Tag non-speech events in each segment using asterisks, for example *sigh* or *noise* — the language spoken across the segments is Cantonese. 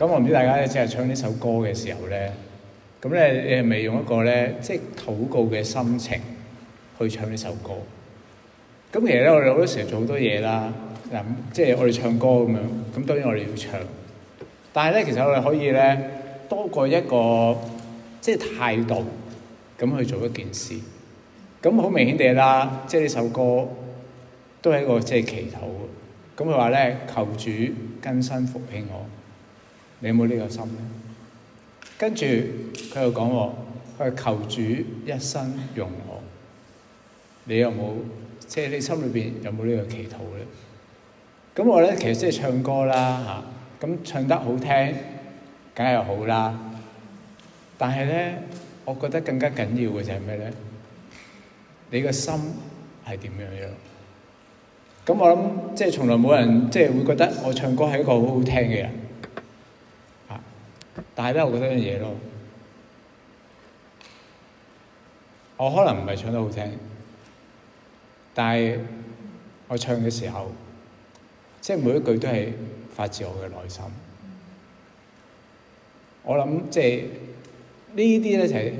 咁我唔知大家咧，即係唱呢首歌嘅時候咧，咁咧你係咪用一個咧，即係禱告嘅心情去唱呢首歌？咁其實咧，我哋好多時候做好多嘢啦，即係我哋唱歌咁樣，咁當然我哋要唱，但係咧，其實我哋可以咧多過一個即係態度咁去做一件事。咁好明顯地啦，即係呢首歌都係一個即係祈禱。咁佢話咧，求主更新復興我。你有冇呢個心呢？跟住佢又講，佢求主一生用我。你有冇？即係你心裏面有冇呢個祈禱呢？咁我呢，其實即係唱歌啦咁，啊，唱得好聽梗係好啦。但係呢，我覺得更加緊要嘅就係咩呢？你個心係點樣樣？咁我諗即係從來冇人即係會覺得我唱歌係一個好好聽嘅人。但係咧，我覺得呢樣嘢咯，我可能唔係唱得好聽，但係我唱嘅時候，即係每一句都係發自我嘅內心。我諗即係呢啲咧就係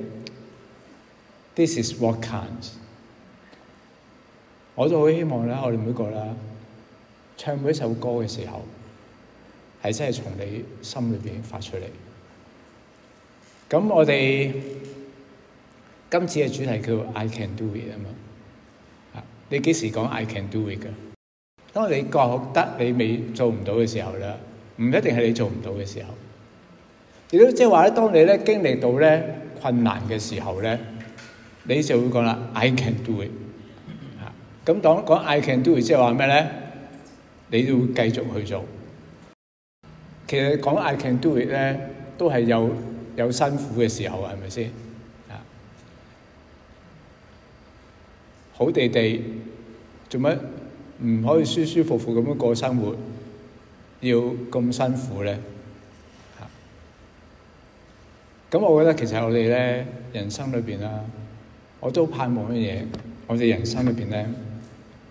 This is what counts。我都好希望咧，我哋每個啦唱每一首歌嘅時候，係真係從你心裏邊發出嚟。咁我哋今次嘅主題叫 I can do it 啊嘛，你幾時講 I can do it 噶？當你覺得你未做唔到嘅時候咧，唔一定係你做唔到嘅時候，亦都即係話咧，當你咧經歷到咧困難嘅時候咧，你就會講啦 I can do it。咁當講 I can do it 即係話咩咧？你都會繼續去做。其實講 I can do it 咧，都係有。有辛苦嘅時候啊，係咪先啊？好地地做乜唔可以舒舒服服咁樣過生活？要咁辛苦咧？吓咁，我覺得其實我哋咧人生裏邊啦、啊，我都盼望乜嘢，我哋人生裏邊咧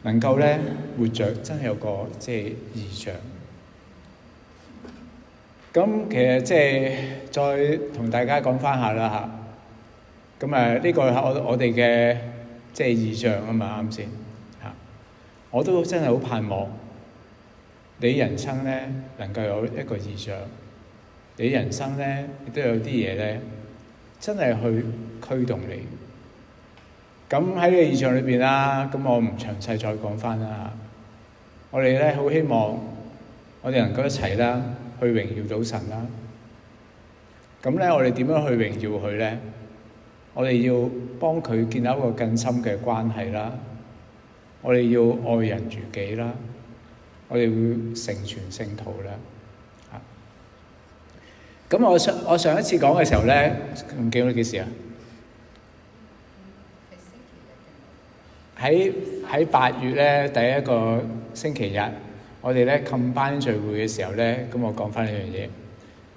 能夠咧活着，真係有個即係異象。就是咁其實即係再同大家講翻下啦嚇，咁誒呢個係我我哋嘅即係意象啊嘛啱先嚇，我都真係好盼望你人生咧能夠有一個意象，你人生咧亦都有啲嘢咧真係去驅動你。咁喺呢個意象裏邊啦，咁我唔詳細再講翻啦嚇，我哋咧好希望我哋能夠一齊啦。去榮耀到神啦，咁咧我哋點樣去榮耀佢咧？我哋要幫佢建立一個更深嘅關係啦，我哋要愛人如己啦，我哋會成全聖徒啦。啊，咁我上我上一次講嘅時候咧，唔記得幾時啊？喺喺八月咧，第一個星期日。我哋咧冚班聚會嘅時候咧，咁我講翻呢樣嘢。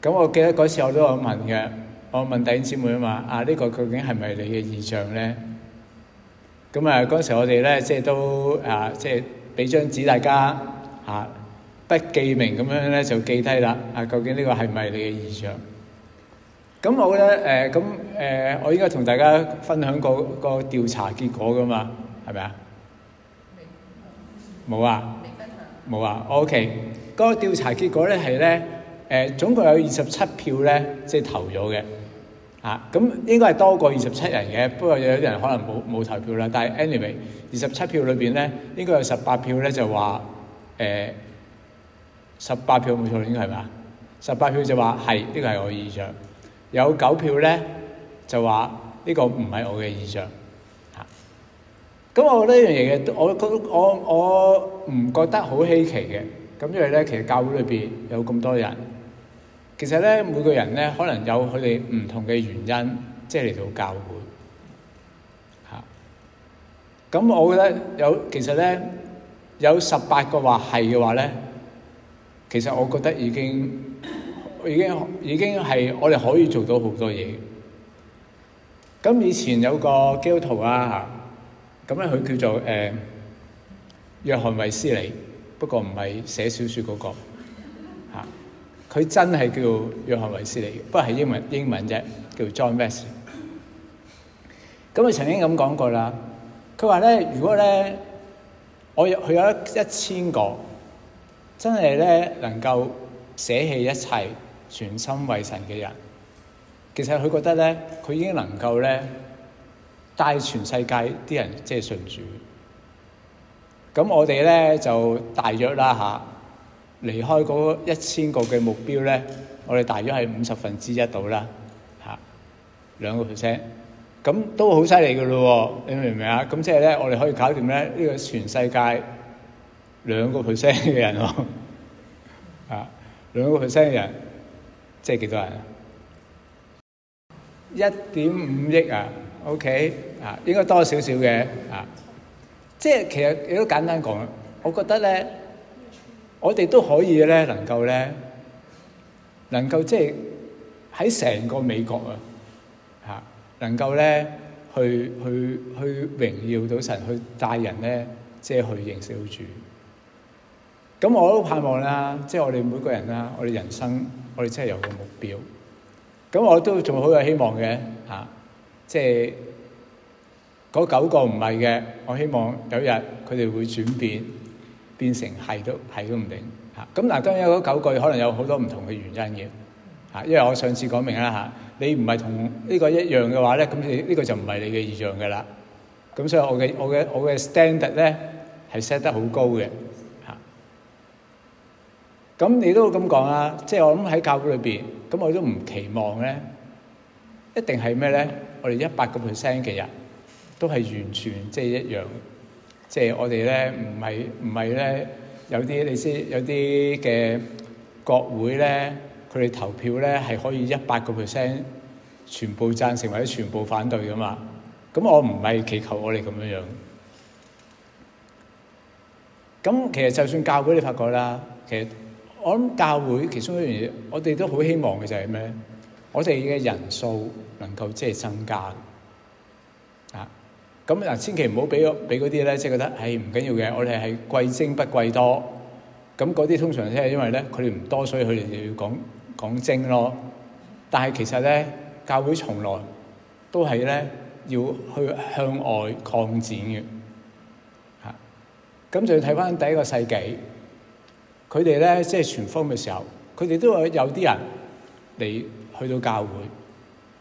咁我記得嗰次我都有問嘅，我問弟兄姊妹啊嘛，啊呢、呢個究竟係咪你嘅異象咧？咁啊嗰時我哋咧即係都啊即係俾張紙大家啊不記名咁樣咧就記低啦。啊究竟呢個係咪你嘅異象？咁我覺得咁誒、啊啊啊，我應該同大家分享、嗰個、嗰個調查結果噶嘛，係咪啊？冇啊！冇啊，OK，嗰個調查結果咧係咧，誒、呃、總共有二十七票咧，即係投咗嘅，啊咁應該係多過二十七人嘅，不過有啲人可能冇冇投票啦。但係 anyway，二十七票裏面咧，應該有十八票咧，就話誒十八票冇錯，應該係嘛？十八票就話係呢個係我嘅意象，有九票咧就話呢、呢個唔係我嘅意象。咁我覺得呢樣嘢嘅，我覺得我我唔覺得好稀奇嘅。咁因為咧，其實教會裏邊有咁多人，其實咧每個人咧可能有佢哋唔同嘅原因，即係嚟到教會嚇。咁我覺得有，其實咧有十八個話係嘅話咧，其實我覺得已經已經已經係我哋可以做到好多嘢。咁以前有個基督徒啊嚇。咁咧，佢叫做誒、呃、約翰衛斯利，不過唔係寫小説嗰、那個，佢、啊、真係叫約翰衛斯利，不過係英文英文啫，叫 John Wesley。咁佢曾經咁講過啦，佢話咧，如果咧我有佢有一千個真係咧能夠捨棄一切、全心為神嘅人，其實佢覺得咧，佢已經能夠咧。大全世界啲人即係信主，咁我哋咧就大約啦吓，離開嗰一千個嘅目標咧，我哋大約係五十分之一度啦吓，兩個 percent，咁都好犀利噶咯，你明唔明啊？咁即係咧，我哋可以搞掂咧呢個全世界兩個 percent 嘅人咯，啊，兩個 percent 嘅人即係幾多人啊？一點五億啊！O.K. 啊，應該多少少嘅啊，即係其實亦都簡單講，我覺得咧，我哋都可以咧，能夠咧，能夠即係喺成個美國啊，嚇能夠咧去去去榮耀到神，去帶人咧，即係去認識到主。咁我都盼望啦，即係我哋每個人啦，我哋人生，我哋真係有個目標。咁我都仲好有希望嘅。即係嗰九個唔係嘅，我希望有一日佢哋會轉變，變成係都係都唔定嚇。咁嗱，當然嗰九句可能有好多唔同嘅原因嘅嚇。因為我上次講明啦嚇，你唔係同呢個一樣嘅話咧，咁你呢個就唔係你嘅意象噶啦。咁所以我嘅我嘅我嘅 standard 咧係 set 得好高嘅嚇。咁你都咁講啦，即係我諗喺教會裏邊，咁我都唔期望咧，一定係咩咧？我哋一百個 percent 嘅人都係完全即係一樣，即係我哋咧唔係唔係咧有啲你知有啲嘅國會咧，佢哋投票咧係可以一百個 percent 全部贊成或者全部反對㗎嘛？咁我唔係祈求我哋咁樣樣。咁其實就算教會你發覺啦，其實我諗教會其中一樣嘢，我哋都好希望嘅就係咩？我哋嘅人數。能夠即係增加嘅，啊，咁嗱，千祈唔好俾嗰俾嗰啲咧，即係覺得係唔緊要嘅。我哋係貴精不貴多，咁嗰啲通常即係因為咧，佢哋唔多，所以佢哋就要講講精咯。但係其實咧，教會從來都係咧，要去向外擴展嘅，嚇。咁就要睇翻第一個世紀，佢哋咧即係傳封嘅時候，佢哋都有有啲人嚟去到教會。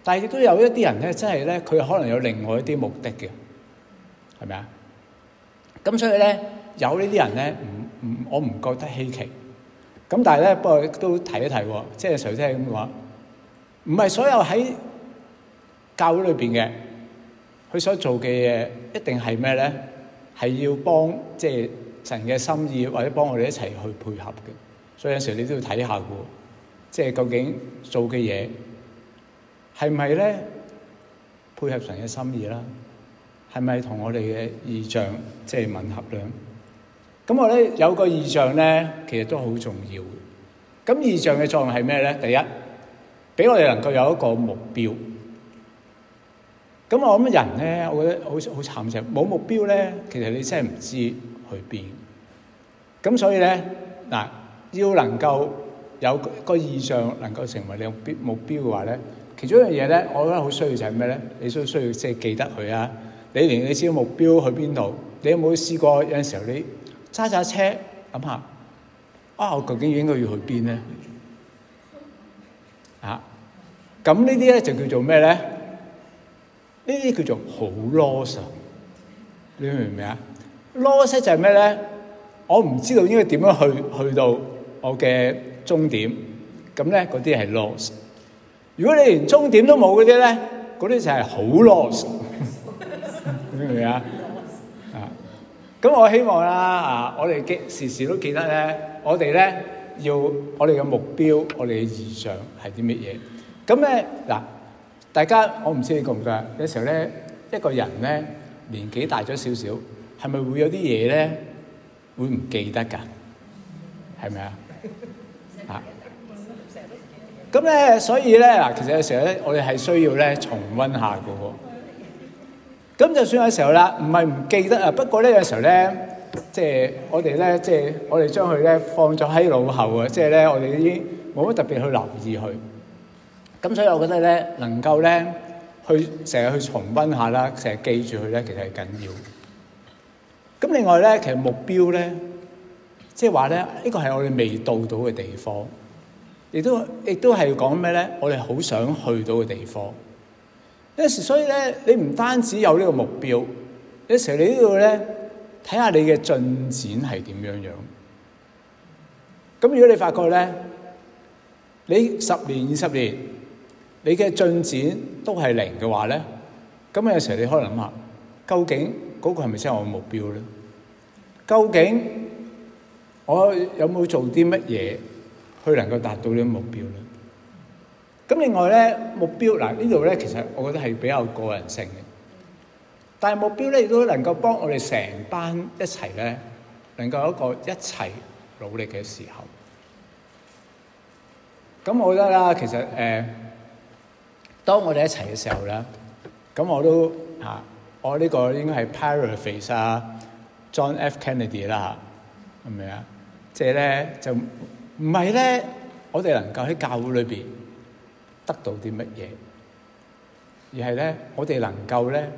但係亦都有一啲人咧，真係咧，佢可能有另外一啲目的嘅，係咪啊？咁所以咧，有呢啲人咧，唔唔，我唔覺得稀奇。咁但係咧，不過都提一提喎，即係有時即係咁嘅話，唔係所有喺教會裏邊嘅，佢所做嘅嘢一定係咩咧？係要幫即係神嘅心意，或者幫我哋一齊去配合嘅。所以有時候你都要睇下嘅，即係究竟做嘅嘢。係咪咧，配合神嘅心意啦？係咪同我哋嘅意象即係吻合咧？咁我咧有個意象咧，其實都好重要嘅。咁意象嘅作用係咩咧？第一，俾我哋能夠有一個目標。咁我諗人咧，我覺得好好慘嘅，冇目標咧，其實你真係唔知去邊。咁所以咧嗱，要能夠有個意象能夠成為你目標嘅話咧。其中一樣嘢咧，我覺得好需要就係咩咧？你需唔需要即係記得佢啊？你連你知目標去邊度？你有冇試過有陣時候你揸揸車諗下啊？我究竟應該要去邊咧？啊！咁呢啲咧就叫做咩咧？呢啲叫做好 loss。你明唔明啊？loss 就係咩咧？我唔知道應該點樣去去到我嘅終點。咁咧嗰啲係 loss。如果你連終點都冇嗰啲咧，嗰啲就係好 lost，明唔明啊？啊，咁我希望啦，啊，我哋記時時都記得咧，我哋咧要我哋嘅目標，我哋嘅異象係啲乜嘢？咁咧嗱，大家我唔知你覺唔覺，有時候咧一個人咧年紀大咗少少，係咪會有啲嘢咧會唔記得噶？係咪啊？咁咧，所以咧，嗱，其實有時候咧，我哋係需要咧重溫下嘅喎。咁就算有時候啦，唔係唔記得啊，不過呢，有時候咧，即係我哋咧，即係我哋將佢咧放咗喺腦後啊，即係咧我哋已經冇乜特別去留意佢。咁所以，我覺得咧，能夠咧去成日去重溫下啦，成日記住佢咧，其實係緊要。咁另外咧，其實目標咧，即係話咧，呢個係我哋未到到嘅地方。亦都亦都係講咩咧？我哋好想去到嘅地方。有時所以咧，你唔單止有呢個目標，有時你都要咧睇下你嘅進展係點樣樣。咁如果你發覺咧，你十年二十年，你嘅進展都係零嘅話咧，咁有時你可以諗下，究竟嗰個係咪先係我目標咧？究竟我有冇做啲乜嘢？佢能夠達到呢個目標咧。咁另外咧，目標嗱呢度咧，其實我覺得係比較個人性嘅，但係目標咧亦都能夠幫我哋成班一齊咧，能夠有一個一齊努力嘅時候。咁我覺得啦，其實誒，當我哋一齊嘅時候咧，咁我都嚇我呢個應該係 Perry Fraser、John F. Kennedy 啦嚇，係咪啊？即係咧就。唔係咧，我哋能夠喺教會裏面得到啲乜嘢，而係咧，我哋能夠咧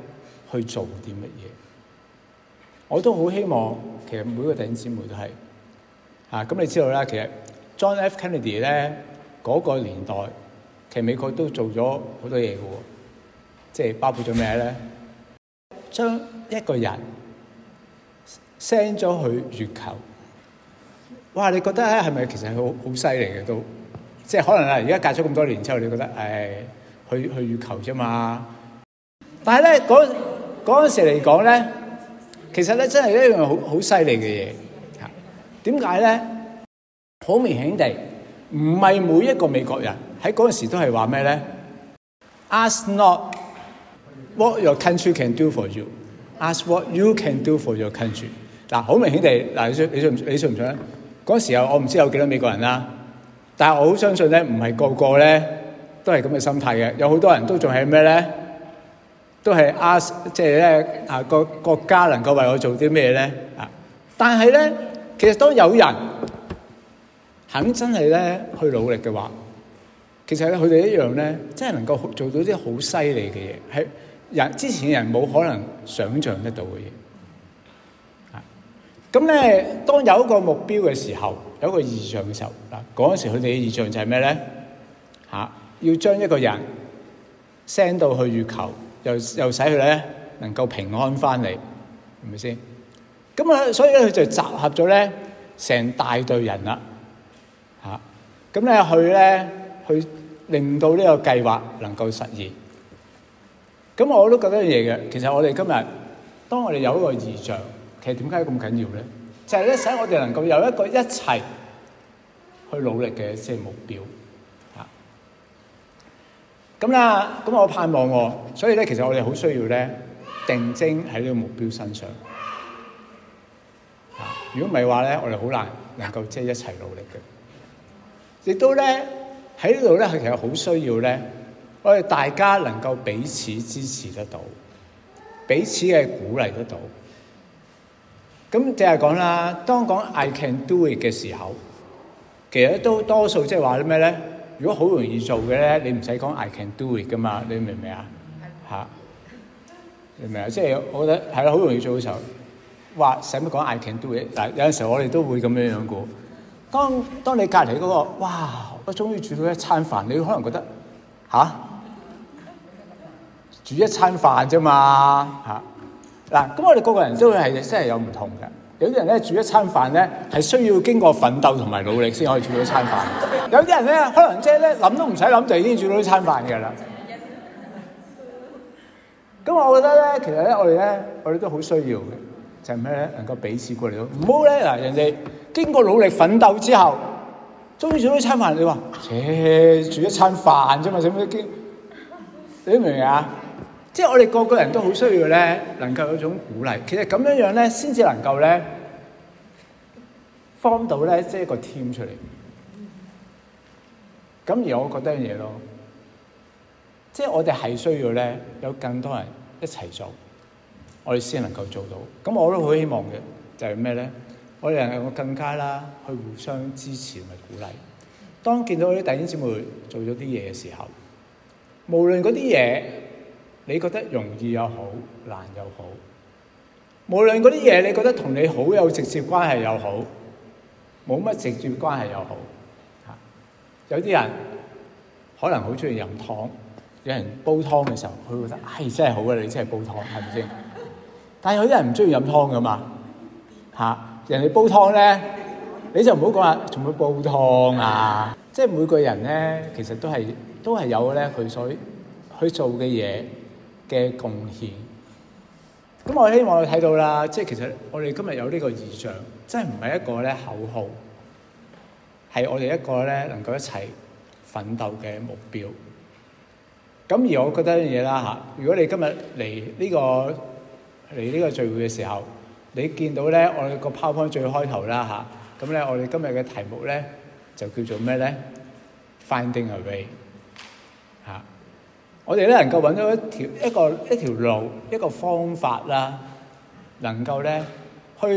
去做啲乜嘢。我都好希望，其實每個弟兄姊妹都係，咁、啊、你知道啦，其實 John F. Kennedy 咧嗰、那個年代，其實美國都做咗好多嘢嘅喎，即係包括咗咩咧？將一個人 send 咗去月球。哇！你覺得咧係咪其實好好犀利嘅都，即係可能啊。而家隔咗咁多年之後，你覺得誒、哎、去去月球啫嘛？但係咧嗰嗰陣時嚟講咧，其實咧真係一樣好好犀利嘅嘢嚇。點解咧？好明顯地，唔係每一個美國人喺嗰陣時都係話咩咧？Ask not what your country can do for you, ask what you can do for your country。嗱，好明顯地嗱，你你你你信唔信咧？嗰時候我唔知有幾多美國人啦，但係我好相信呢，唔係個個呢，都係咁嘅心態嘅。有好多人都仲係咩呢？都係啊，即係呢啊，國家能夠為我做啲咩呢？但係呢，其實當有人肯真係呢去努力嘅話，其實呢，佢哋一樣呢，真係能夠做到啲好犀利嘅嘢，係之前的人冇可能想像得到嘅嘢。咁咧，當有一個目標嘅時候，有一個異象嘅時候，嗱，嗰陣時佢哋嘅異象就係咩咧？吓，要將一個人 send 到去月球，又又使佢咧能夠平安翻嚟，係咪先？咁啊，所以咧佢就集合咗咧成大隊人啦，吓，咁咧去咧去令到呢個計劃能夠實現。咁我都覺得嘢嘅，其實我哋今日當我哋有一個異象。其實點解咁緊要咧？就係咧，使我哋能夠有一個一齊去努力嘅一啲目標啊！咁啦，咁我盼望喎。所以咧，其實我哋好需要咧定睛喺呢個目標身上啊！如果唔係話咧，我哋好難能夠即係一齊努力嘅。亦都咧喺呢度咧，其實好需要咧，我哋大家能夠彼此支持得到，彼此嘅鼓勵得到。咁淨係講啦，當講 I can do it 嘅時候，其實都多數即係話啲咩咧？如果好容易做嘅咧，你唔使講 I can do it 噶嘛，你明唔明啊？吓，明唔明啊？即係我覺得係好容易做嘅時候，話使乜講 I can do it？但係有陣時候我哋都會咁樣樣噶。當當你隔離嗰個，哇！我終於煮到一餐飯，你可能覺得吓，煮一餐飯啫嘛，吓。嗱，咁我哋個個人都會係真係有唔同嘅，有啲人咧煮一餐飯咧，係需要經過奮鬥同埋努力先可以煮到一餐飯；有啲人咧，可能即係咧諗都唔使諗就已經煮到一餐飯嘅啦。咁我覺得咧，其實咧，我哋咧，我哋都好需要嘅，就係咩咧？能夠彼此過嚟咯。唔好咧，嗱，人哋經過努力奮鬥之後，終於煮到一餐飯，你話，切，煮一餐飯啫嘛，使唔使驚？你明唔明啊？即係我哋個個人都好需要咧，能夠有一種鼓勵。其實咁樣樣咧，先至能夠咧，form 到咧，即係個 team 出嚟。咁而我覺得樣嘢咯，即係我哋係需要咧，有更多人一齊做，我哋先能夠做到。咁我都好希望嘅就係咩咧？我哋能夠更加啦，去互相支持同埋鼓勵。當見到啲弟兄姊妹做咗啲嘢嘅時候，無論嗰啲嘢，你覺得容易又好，難又好。無論嗰啲嘢，你覺得同你好有直接關係又好，冇乜直接關係又好。嚇，有啲人可能好中意飲湯，有人煲湯嘅時候，佢會覺得哎，真係好嘅，你真係煲湯，係咪先？但係有啲人唔中意飲湯㗎嘛。嚇，人哋煲湯咧，你就唔好講話仲會煲湯啊！即係每個人咧，其實都係都係有咧，佢所佢做嘅嘢。嘅貢獻，咁我希望你睇到啦，即係其實我哋今日有呢個異象，即係唔係一個咧口號，係我哋一個咧能夠一齊奮鬥嘅目標。咁而我覺得一樣嘢啦嚇，如果你今日嚟呢個嚟呢個聚會嘅時候，你見到咧我哋個 powerpoint 最開頭啦嚇，咁咧我哋今日嘅題目咧就叫做咩咧？Finding a way。我哋咧能夠揾到一條一個一條路一個方法啦，能夠咧去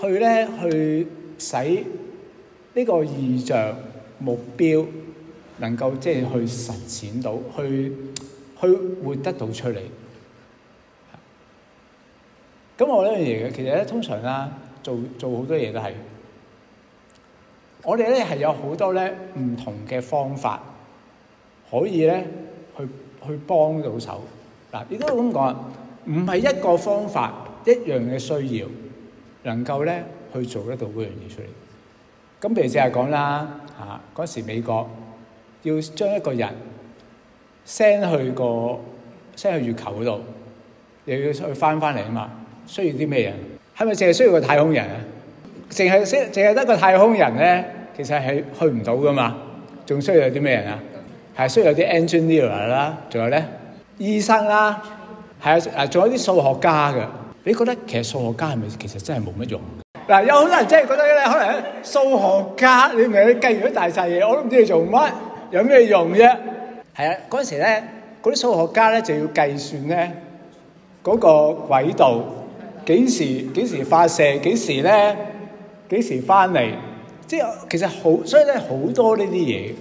去咧去使呢個異象目標能夠即係去實踐到，去去活得到出嚟。咁我呢樣嘢嘅，其實咧通常啊，做做好多嘢都係，我哋咧係有好多咧唔同嘅方法可以咧。去幫到手，嗱，亦都咁講，唔係一個方法一樣嘅，需要能夠咧去做得到嗰樣嘢出嚟。咁譬如淨係講，啦，嚇嗰時美國要將一個人 send 去個 send 去月球嗰度，又要去翻翻嚟啊嘛，需要啲咩人？係咪淨係需要個太空人啊？淨係 send 淨係得個太空人咧，其實係去唔到噶嘛，仲需要有啲咩人啊？係需要有啲 engineer 啦，仲有咧醫生啦，係啊，仲有啲數學家嘅。你覺得其實數學家係咪其實真係冇乜用的？嗱、啊，有好多人真係覺得咧，可能數學家你明計完咗大細嘢，我都唔知你做乜，有咩用啫？係啊，嗰陣時咧，嗰啲數學家咧就要計算咧嗰、那個軌道幾時幾時發射，幾時咧幾時翻嚟，即係其實好，所以咧好多呢啲嘢。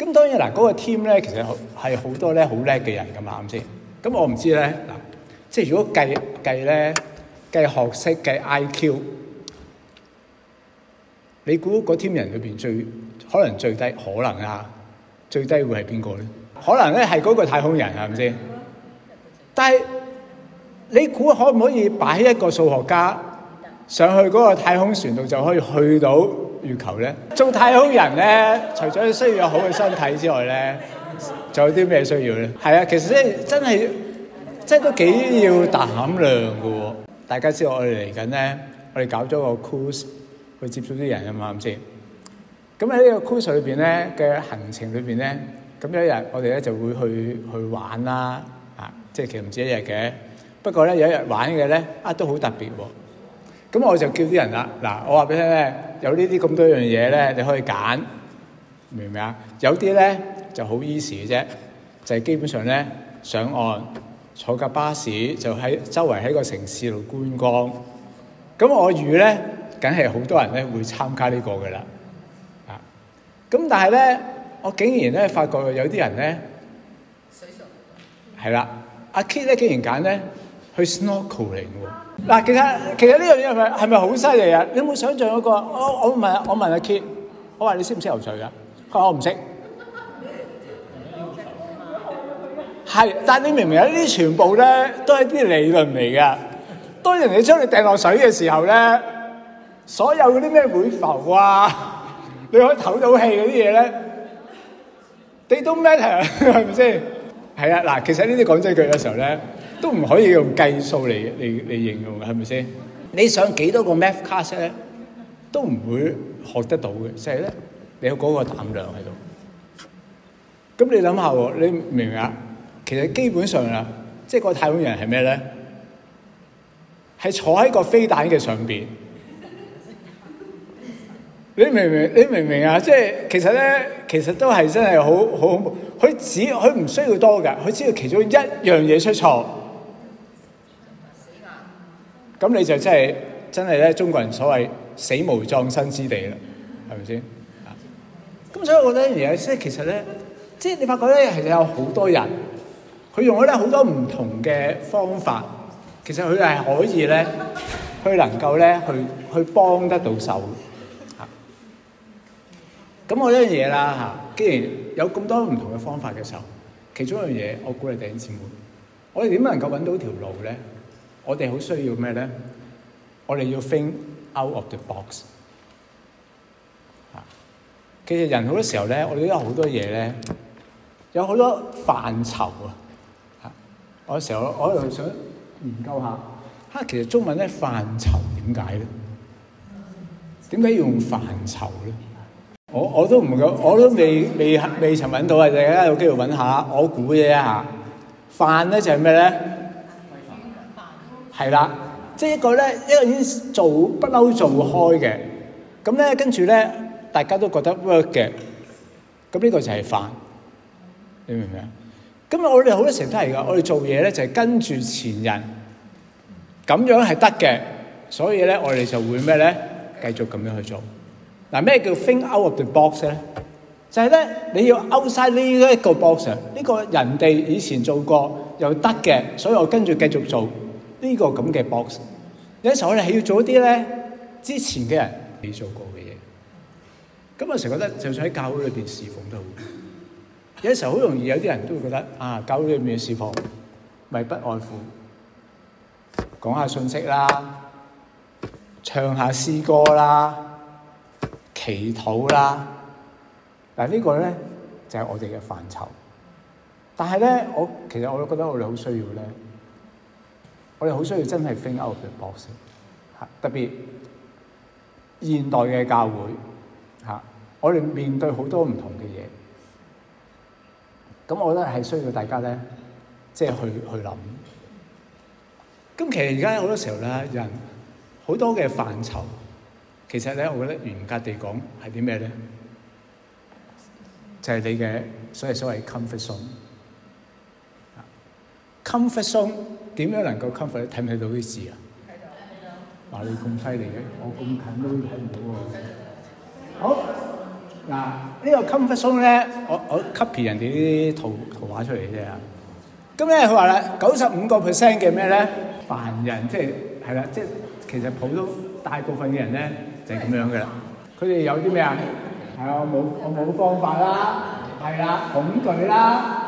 咁當然嗱，嗰個 team 咧，其實係好多咧好叻嘅人㗎嘛。啱先？咁我唔知咧，嗱，即係如果計計咧計學識計 IQ，你估嗰 team 人裏邊最可能最低可能啊？最低會係邊個咧？可能咧係嗰個太空人係咪先？ *music* 但係你估可唔可以擺一個數學家上去嗰個太空船度就可以去到月球咧，做太空人咧，除咗需要有好嘅身體之外咧，仲有啲咩需要咧？係啊，其實真真係真都幾要膽量嘅喎、哦。大家知道我哋嚟緊咧，我哋搞咗個 course 去接觸啲人啊嘛，啱先？咁喺呢個 course 裏邊咧嘅行程裏邊咧，咁有一日我哋咧就會去去玩啦啊，即係其實唔止一日嘅。不過咧有一日玩嘅咧啊都好特別喎、哦。咁我就叫啲人啦，嗱我話俾你聽咧。有呢啲咁多樣嘢咧，你可以揀，明唔明啊？有啲咧就好 easy 嘅啫，就係基本上咧上岸坐架巴士就喺周圍喺個城市度觀光。咁我預咧，梗係好多人咧會參加呢個嘅啦。啊！咁但係咧，我竟然咧發覺有啲人咧，水熟係啦，阿 Kit 咧竟然揀咧去 snorkeling 喎。嗱，其實其實呢樣嘢係咪係咪好犀利啊？你有冇想象嗰個？我我問我問阿 Kit，我話你識唔識游水㗎？佢話我唔識。係，但你明唔明啊，呢啲全部咧，都係啲理論嚟㗎。當人哋將你掟落水嘅時候咧，所有嗰啲咩會浮啊，你可以唞到氣嗰啲嘢咧，都冇咩嘅，係咪先？係啊，嗱，其實呢啲講真句嘅時候咧。都唔可以用計數嚟嚟嚟形容嘅，係咪先？你想幾多個 Math class 咧，都唔會學得到嘅，就係咧，你有嗰個膽量喺度。咁你諗下喎，你明唔明啊？其實基本上啊，即係個太空人係咩咧？係坐喺個飛彈嘅上邊。你明唔明？你明唔明啊？即係其實咧，其實都係真係好好恐怖。佢只佢唔需要多嘅，佢只要其中一樣嘢出錯。咁你就真係真係咧，中國人所謂死無葬身之地啦，係咪先？啊，咁所以我覺得而家即係其實咧，即係你發覺咧，其實有好多人，佢用咗咧好多唔同嘅方法，其實佢係可以咧，去能夠咧去去幫得到手。啊，咁我一樣嘢啦，吓，既然有咁多唔同嘅方法嘅時候，其中一樣嘢，我鼓勵弟兄姊妹，我哋點能夠揾到條路咧？我哋好需要咩咧？我哋要 think out of the box。啊，其實人好多時候咧，我哋都有好多嘢咧，有好多範疇啊。啊，我有時候我又想研究下，嚇夠，其實中文咧範疇點解咧？點解要用範疇咧？我我都唔夠，我都未未未曾揾到啊！大家有機會揾下，我估嘢一下。範咧就係咩咧？係啦，即係一個咧，一個已經做不嬲做開嘅，咁咧，跟住咧，大家都覺得 work 嘅咁，呢個就係範，你明唔明啊？咁我哋好多時都係噶，我哋做嘢咧就係跟住前人咁樣係得嘅，所以咧我哋就會咩咧繼續咁樣去做嗱。咩叫 think out of the box 咧？就係咧，你要 out 曬呢一個 box，呢個人哋以前做過又得嘅，所以我跟住繼續做。呢個咁嘅 box，有時候我哋係要做一啲咧之前嘅人未做過嘅嘢。咁我成日覺得，就算喺教會裏邊侍奉都好，有時候好容易有啲人都會覺得啊，教會裏面嘅侍奉咪不外乎，講下信息啦，唱下詩歌啦，祈禱啦。但係呢個咧就係、是、我哋嘅範疇。但係咧，我其實我都覺得我哋好需要咧。我哋好需要真係 think outside the box 嚇，特別現代嘅教會嚇，我哋面對好多唔同嘅嘢，咁我覺得係需要大家咧，即係去去諗。咁其實而家好多時候咧，人好多嘅範疇，其實咧我覺得嚴格地講係啲咩咧，就係你嘅所謂所謂 comfort zone，comfort zone Com。點樣能夠 comfort 睇唔睇到啲事啊？嗱，話你咁犀利嘅，我咁近都睇唔到喎。好，嗱，呢個 comfort zone 咧，我我 copy 人哋啲圖圖畫出嚟嘅啫。咁咧佢話啦，九十五個 percent 嘅咩咧？凡人即係係啦，即係其實普通大部分嘅人咧就係咁樣嘅啦。佢哋有啲咩啊？係啊，我冇我冇方法啦。係啦，恐懼啦。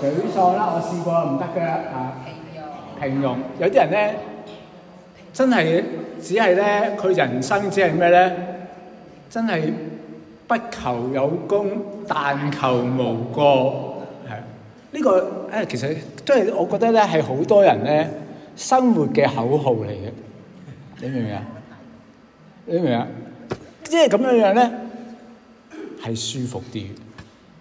舉錯啦！我試過唔得嘅啦，啊，平庸。平庸有啲人咧，真係只係咧，佢人生只係咩咧？真係不求有功，但求無過。係呢個誒，其實都係我覺得咧，係好多人咧生活嘅口號嚟嘅。你明唔明啊？你明唔明？即係咁樣樣咧，係舒服啲。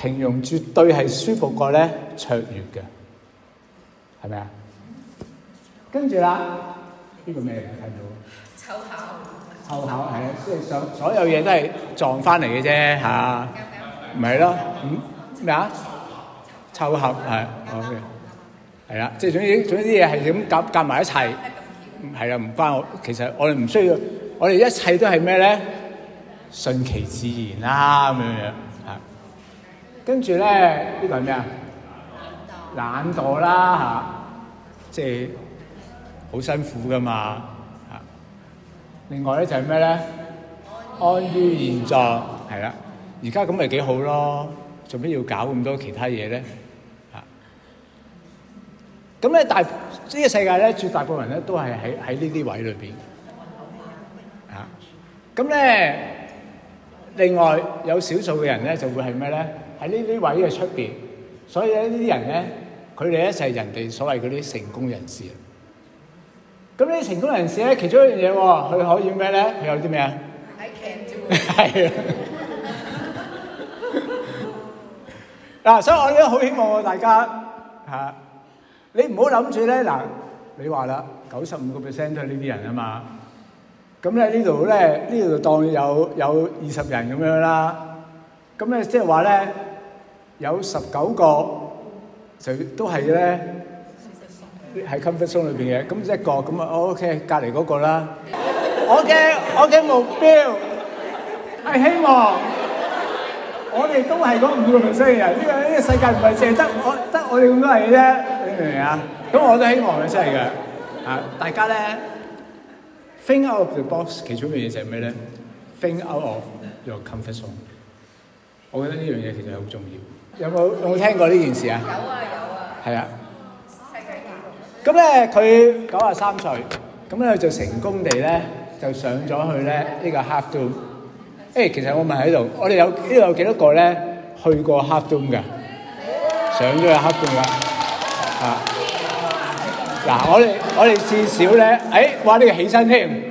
平庸絕對係舒服過咧卓越嘅，係咪啊？跟住啦，呢個咩嚟？到？咪？湊巧，湊巧係啊，即係想所有嘢都係撞翻嚟嘅啫吓？唔係咯？嗯，咩啊？湊巧係，係啦，即係總之總之啲嘢係咁夾夾埋一齊，係啦，唔關我。其實我哋唔需要，我哋一切都係咩咧？順其自然啦，咁樣樣。跟住咧，呢個係咩啊？懶惰啦，嚇！即係好辛苦噶嘛，嚇！另外咧就係咩咧？安於現狀係啦，而家咁咪幾好咯，做咩要搞咁多其他嘢咧？嚇！咁咧大呢個世界咧，絕大部分人咧都係喺喺呢啲位裏邊。嚇！咁咧，另外有少數嘅人咧就會係咩咧？喺呢啲位嘅出邊，所以呢啲人咧，佢哋就係人哋所謂嗰啲成功人士啊。咁呢啲成功人士咧，其中一樣嘢，佢可以咩咧？佢有啲咩啊？I can do it。係啊。嗱，所以我哋都好希望大家嚇，你唔好諗住咧嗱，你話啦，九十五個 percent 都係呢啲人啊嘛。咁咧呢度咧，呢度當有有二十人咁樣啦。咁咧即係話咧。有十九個，就都係咧喺 comfort zone 裏邊嘅。咁一個咁啊，OK，隔離嗰個啦。我嘅我嘅目標係希望我哋都係嗰五個明星人。呢個呢個世界唔係淨係得我得我哋咁多係嘅啫。明唔明啊？咁我都希望你真係嘅。啊，大家咧，think out of the box，其中一樣嘢就係咩咧？think out of your comfort zone。我覺得呢樣嘢其實係好重要。有冇有冇聽過呢件事啊？有啊有啊。係啊。世界紀錄。咁咧佢九啊三歲，咁咧就成功地咧就上咗去咧呢個 Half Dome。誒，其實我問喺度，我哋有呢度有幾多個咧去過 Half Dome 㗎？上咗去 Half Dome 㗎。啊！嗱，我哋我哋至少咧，誒，哇！呢個起身添，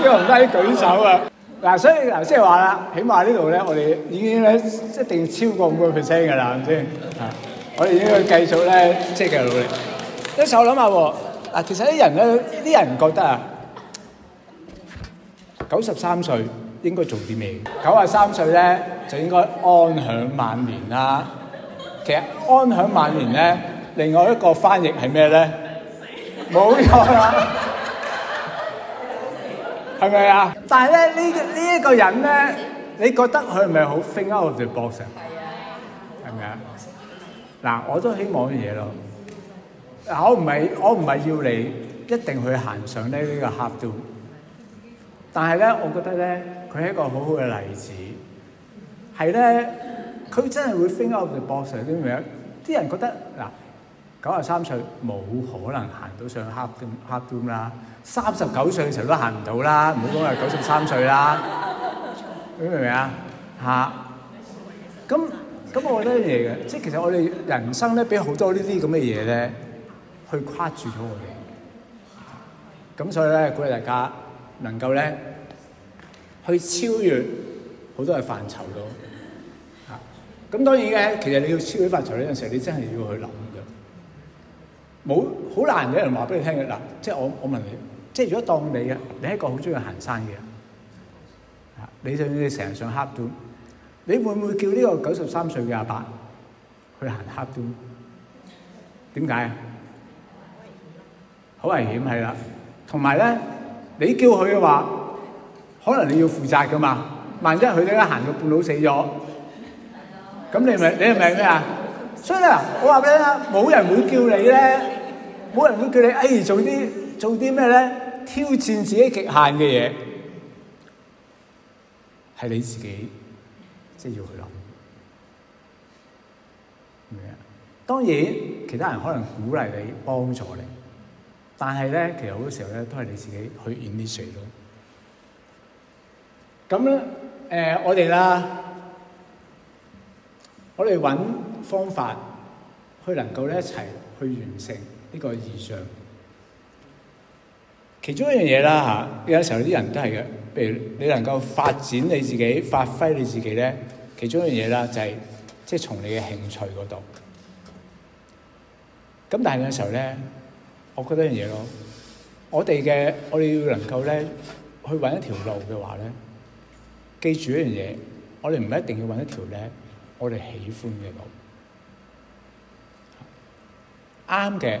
呢個唔得，要舉手啊！嗱，所以嗱，即係話啦，起碼呢度咧，我哋已經咧一定超過五個 percent 嘅啦，係咪先？啊，我哋應該繼續咧，即係繼續努力。一陣我諗下喎，嗱，其實啲人咧，啲人唔覺得啊，九十三歲應該做啲咩？九啊三歲咧，就應該安享晚年啦。其實安享晚年咧，另外一個翻譯係咩咧？冇錯啦。係咪啊？但係咧呢呢一個人咧，你覺得佢係咪好 thinkout of the box？係啊，係咪啊？嗱，我都希望嘅嘢咯。我唔係我唔係要你一定去行上呢呢個 Half Dome，但係咧，我覺得咧，佢係一個好好嘅例子。係咧，佢真係會 thinkout of the box 啲咩？啲人覺得嗱，九十三歲冇可能行到上 Half Half Dome 啦。三十九歲嘅時候都行唔到啦，唔好講話九十三歲啦，明唔明啊？嚇！咁咁，我覺得嘢嘅，即係其實我哋人生咧，俾好多呢啲咁嘅嘢咧，去跨住咗我哋。咁所以咧，鼓勵大家能夠咧去超越好多嘅範疇囉嚇。咁當然咧，其實你要超越範疇咧，有陣時你真係要去諗嘅，冇。好難嘅，有人話俾你聽嘅嗱，即係我我問你，即係如果當你嘅，你係一個好中意行山嘅人，啊，你仲要成日上 Half Dome，你會唔會叫呢個九十三歲嘅阿伯去行 Half Dome？點解啊？好危險咯，好危險係啦，同埋咧，你叫佢嘅話，可能你要負責噶嘛，萬一佢哋行到半路死咗，咁你咪你係咪咩啊？所以咧，我話俾你聽，冇人會叫你咧。冇人會叫你誒做啲做啲咩咧？挑戰自己極限嘅嘢係你自己即係要去諗。咩啊？當然其他人可能鼓勵你、幫助你，但係咧，其實好多時候咧都係你自己去 initiate 咯。咁咧，誒我哋啦，我哋揾方法去能夠咧一齊去完成。呢個係異象，其中一樣嘢啦嚇，有時候啲人都係嘅。譬如你能夠發展你自己、發揮你自己咧，其中一樣嘢啦，就係即係從你嘅興趣嗰度。咁但係有時候咧，我覺得一樣嘢咯，我哋嘅我哋要能夠咧去揾一條路嘅話咧，記住一樣嘢，我哋唔一定要揾一條咧我哋喜歡嘅路，啱嘅。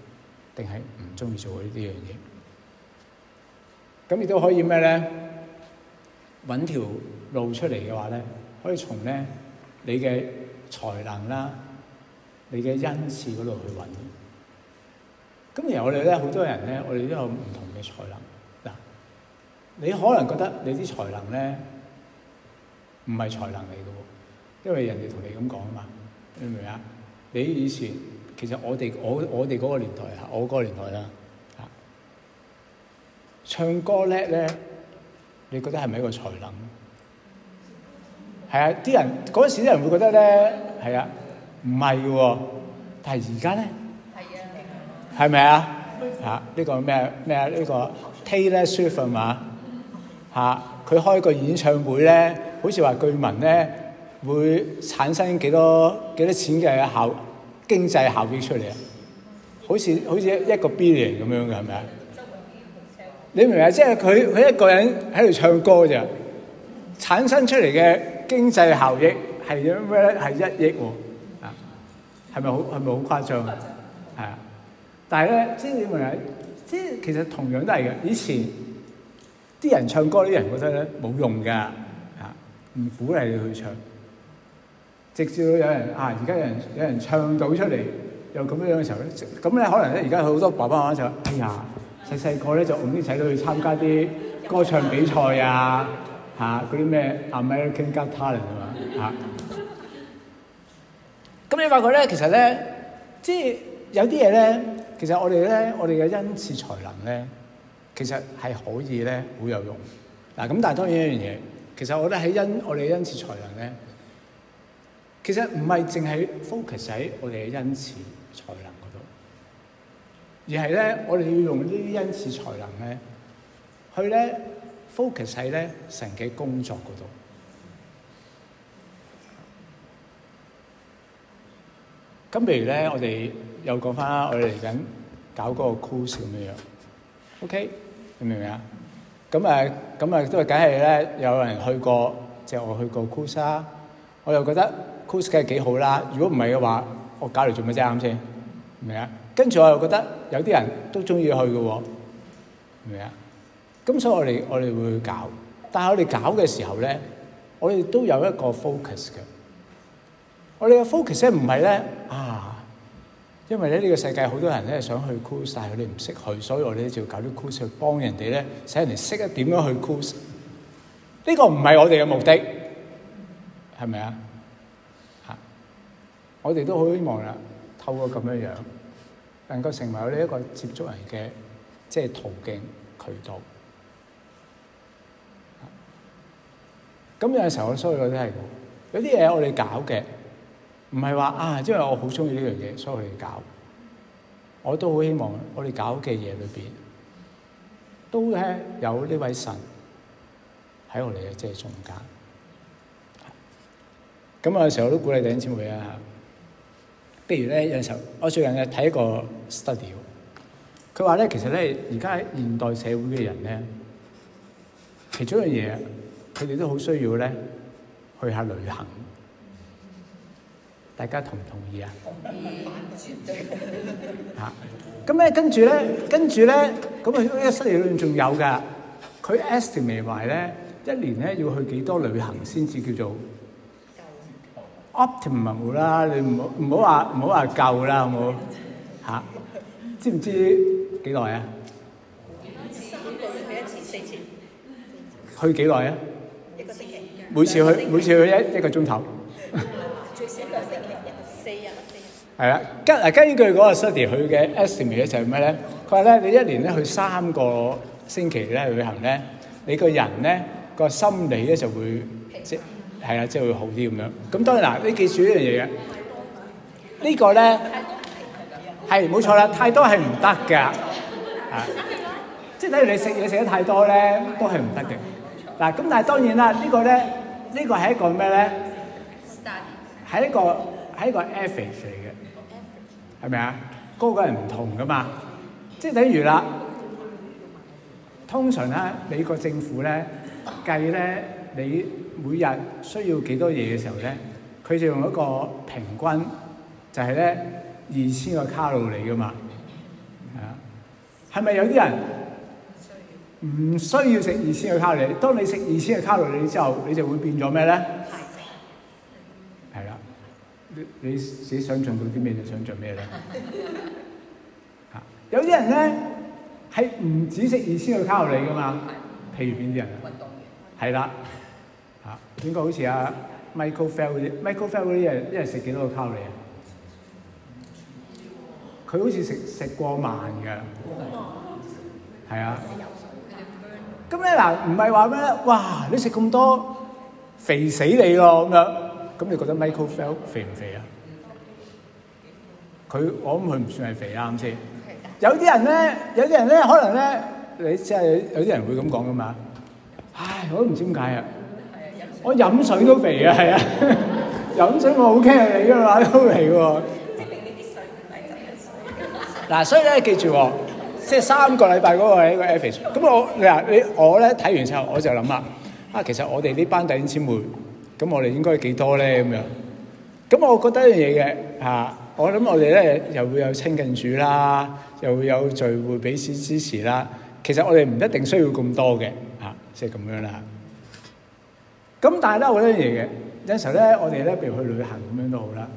定係唔中意做呢啲樣嘢，咁亦都可以咩咧？揾條路出嚟嘅話咧，可以從咧你嘅才能啦，你嘅恩賜嗰度去揾。咁而我哋咧，好多人咧，我哋都有唔同嘅才能。嗱，你可能覺得你啲才能咧唔係才能嚟嘅喎，因為人哋同你咁講啊嘛，你明唔明啊？你以前。其實我哋我我哋嗰個年代嚇，我嗰個年代啦嚇、啊，唱歌叻咧，你覺得係咪一個才能？係、嗯、啊，啲人嗰陣時啲人會覺得咧，係啊，唔係嘅喎。但係而家咧，係、嗯、啊，係咪啊？嚇，呢個咩咩啊？呢、啊啊、個、呢個、Taylor Swift 啊嘛嚇，佢、啊、開個演唱會咧，好似話據聞咧會產生幾多幾多少錢嘅效經濟效益出嚟啊，好似好似一一個 billion 咁樣嘅係咪啊？你明唔明啊？即係佢佢一個人喺度唱歌咋，產生出嚟嘅經濟效益係咩咧？係一億喎，啊，係咪好係咪好誇張啊？係啊，但係咧，即係點講咧？即係其實同樣都係嘅。以前啲人唱歌，啲人覺得咧冇用㗎，啊，唔鼓勵你去唱。直至到有人啊，而家有人有人唱到出嚟又咁樣嘅時候咧，咁咧可能咧，而家好多爸爸媽媽就話：哎呀，細細個咧就揾啲仔女去參加啲歌唱比賽啊，嚇嗰啲咩 American Got Talent 嚟㗎嘛嚇。咁你發覺咧，其實咧，即係有啲嘢咧，其實我哋咧，我哋嘅恩賜才能咧，其實係可以咧，好有用。嗱、啊、咁，但係當然一樣嘢，其實我覺得喺恩，我哋嘅恩賜才能咧。其實唔係淨係 focus 喺我哋嘅恩賜才能嗰度，而係咧，我哋要用呢啲恩賜才能咧，去咧 focus 喺咧神嘅工作嗰度。咁譬如咧，我哋又講翻啦，我哋嚟緊搞嗰個 cruise 咁樣樣，OK，明唔明啊？咁誒，咁誒都係梗係咧，有人去過，即係我去過 cruise，我又覺得。course 梗係幾好啦。如果唔係嘅話，我搞嚟做咩啫？啱先，明啊。跟住我又覺得有啲人都中意去嘅喎，明啊。咁所以我，我哋我哋會去搞，但係我哋搞嘅時候咧，我哋都有一個 focus 嘅。我哋嘅 focus 咧唔係咧啊，因為咧呢個世界好多人咧想去 course，但係佢哋唔識去，所以我哋就要搞啲 course 去幫人哋咧，使人哋識得點樣去 course。呢、呢個唔係我哋嘅目的，係咪啊？我哋都好希望啦，透過咁樣樣能夠成為我哋一個接觸人嘅即係途徑渠道。咁有時候我所講都係，有啲嘢我哋搞嘅，唔係話啊，因為我好鍾意呢樣嘢，所以我哋搞。我都好希望我哋搞嘅嘢裏面，都咧有呢位神喺我哋嘅即係中間。咁有時候都鼓勵弟兄姊妹啊～譬如咧，有陣時候，我最近嘅睇一個 study，佢話咧，其實咧，而家現代社會嘅人咧，其中一樣嘢，佢哋都好需要咧，去下旅行。大家同唔同意啊？同意。嚇！咁咧，跟住咧，跟住咧，咁啊，呢個 study 裡面仲有㗎。佢 estimate 埋咧，一年咧要去幾多旅行先至叫做？Optimum 好啦，你唔好唔好話唔好話夠啦，好冇嚇？知唔知幾耐啊？幾多次？三個月幾多次？四次。去幾耐啊？一個星期。每次去，每次去一一個鐘頭。最少一個星期，四日啊，四日。係啦，根啊根據嗰個 study，佢嘅 estimate 就係咩咧？佢話咧，你一年咧去三個星期咧去旅行咧，你個人咧個心理咧就會平息。係啊，即係會好啲咁樣。咁當然啦，你記住呢樣嘢嘅，呢個咧係冇錯啦，太多係唔得㗎。啊，即係等於你食嘢食得太多咧，都係唔得嘅。嗱，咁但係當然啦，呢個咧，呢個係一個咩咧？係一個係一個 average 嚟嘅，係咪啊？個個人唔同㗎嘛。即係等於啦，通常咧美國政府咧計咧你。每日需要幾多嘢嘅時候咧，佢就用一個平均，就係咧二千個卡路里噶嘛。係啊，係咪有啲人唔需要食二千個卡路里？當你食二千個卡路里之後，你就會變咗咩咧？排肥係啦，你你自己想像到啲咩就想像咩啦。啊，有啲人咧係唔只食二千個卡路里噶嘛？譬如邊啲人啊？運動員係啦。應該好似啊 Michael Phelps 啲 Michael Phelps 啲人一日食幾多個卡路里啊？佢好似食食過萬㗎，係啊、嗯。咁咧嗱，唔係話咩？哇！你食咁多肥死你咯咁樣。咁你覺得 Michael Phelps 肥唔肥啊？佢我諗佢唔算係肥啱先。有啲人咧，有啲人咧，可能咧，你即係有啲人會咁講㗎嘛？唉，我都唔知點解啊！我飲水都肥嘅，係啊！飲水我好驚你㗎嘛，呢鋪嚟喎。證明你啲水唔係真嘅水。嗱，所以咧記住，即係三個禮拜嗰個係一個 effort。咁我你啊，你我咧睇完之後，我就諗啦，啊，其實我哋呢班弟兄姊妹，咁我哋應該幾多咧？咁樣。咁我覺得一樣嘢嘅嚇，我諗我哋咧又會有親近主啦，又會有聚會彼此支持啦。其實我哋唔一定需要咁多嘅嚇，即係咁樣啦。咁但係咧，好多嘢嘅有陣時咧，我哋咧，譬如去旅行咁樣都好啦。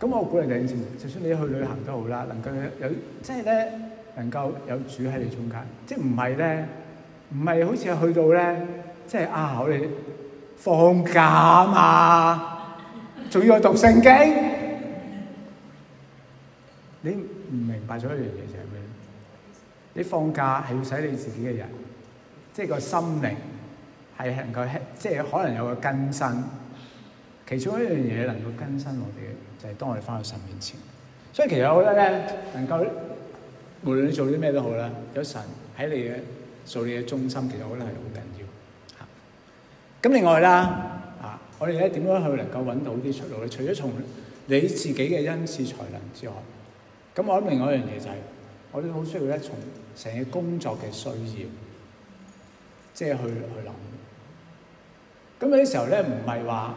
咁我鼓勵你哋，就算你去旅行都好啦，能夠有即係咧，能夠有主喺你中間，即係唔係咧，唔係好似去到咧，即係啊我哋放假啊，仲要讀聖經，你唔明白咗一樣嘢就係咩？你放假係要使你自己嘅人，即係個心靈。係能夠係即係可能有個更新，其中一樣嘢能夠更新我哋嘅就係當我哋返到神面前。所以其實我覺得咧，能夠無論你做啲咩都好啦，有神喺你嘅做你嘅中心，其實我覺得係好緊要嚇。咁另外啦啊，我哋咧點樣去能夠揾到啲出路咧？除咗從你自己嘅恩賜才能之外，咁我諗另外一樣嘢就係我哋好需要咧，從成個工作嘅需要，即係去去諗。咁呢啲時候咧，唔係話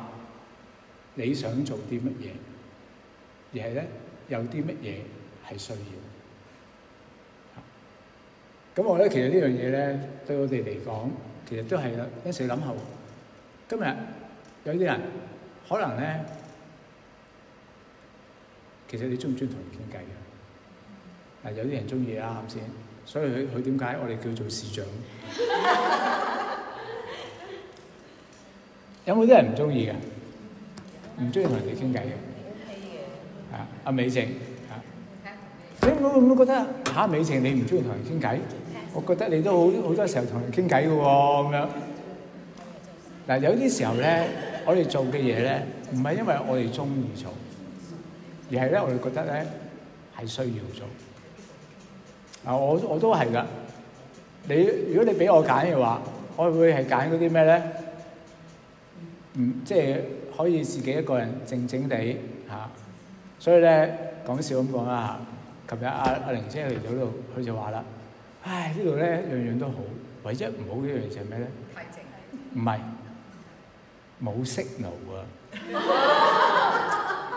你想做啲乜嘢，而係咧有啲乜嘢係需要。咁我覺得其實呢樣嘢咧，對我哋嚟講，其實都係啦。一時諗後，今日有啲人可能咧，其實你鍾唔鍾意同人傾偈嘅？嗱，有啲人鍾意啦，啱先？所以佢佢點解我哋叫做市長？有冇啲人唔中意嘅？唔中意同人哋傾偈嘅？啊，阿美靜，啊，你會唔會覺得嚇？美靜，你唔中意同人傾偈？我覺得你都好好多時候同人傾偈嘅喎，咁樣。嗱，有啲時候咧，我哋做嘅嘢咧，唔係因為我哋中意做，而係咧，我哋覺得咧係需要做。啊，我我都係噶。你如果你俾我揀嘅話，我會係揀嗰啲咩咧？嗯，即係可以自己一個人靜靜地嚇，所以咧講笑咁講啦嚇。琴日阿阿玲姐嚟到呢度，佢就話啦：唉，呢度咧樣樣都好，唯一唔好嘅一樣就係咩咧？太靜。唔係冇 signal 啊，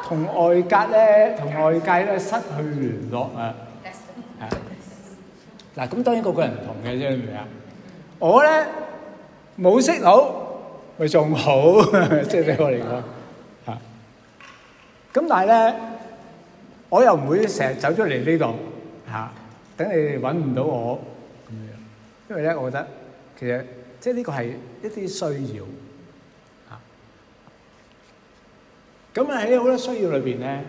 同外界咧，同外界咧失去聯絡啊。嚇！嗱，咁當然個個人唔同嘅，你明唔明啊？我咧冇 signal。咪仲好，即係對我嚟講嚇。咁但係咧，我又唔會成日走出嚟呢度嚇，等你哋揾唔到我咁樣。因為咧，我覺得其實即係呢個係一啲需要嚇。咁啊喺好多需要裏邊咧，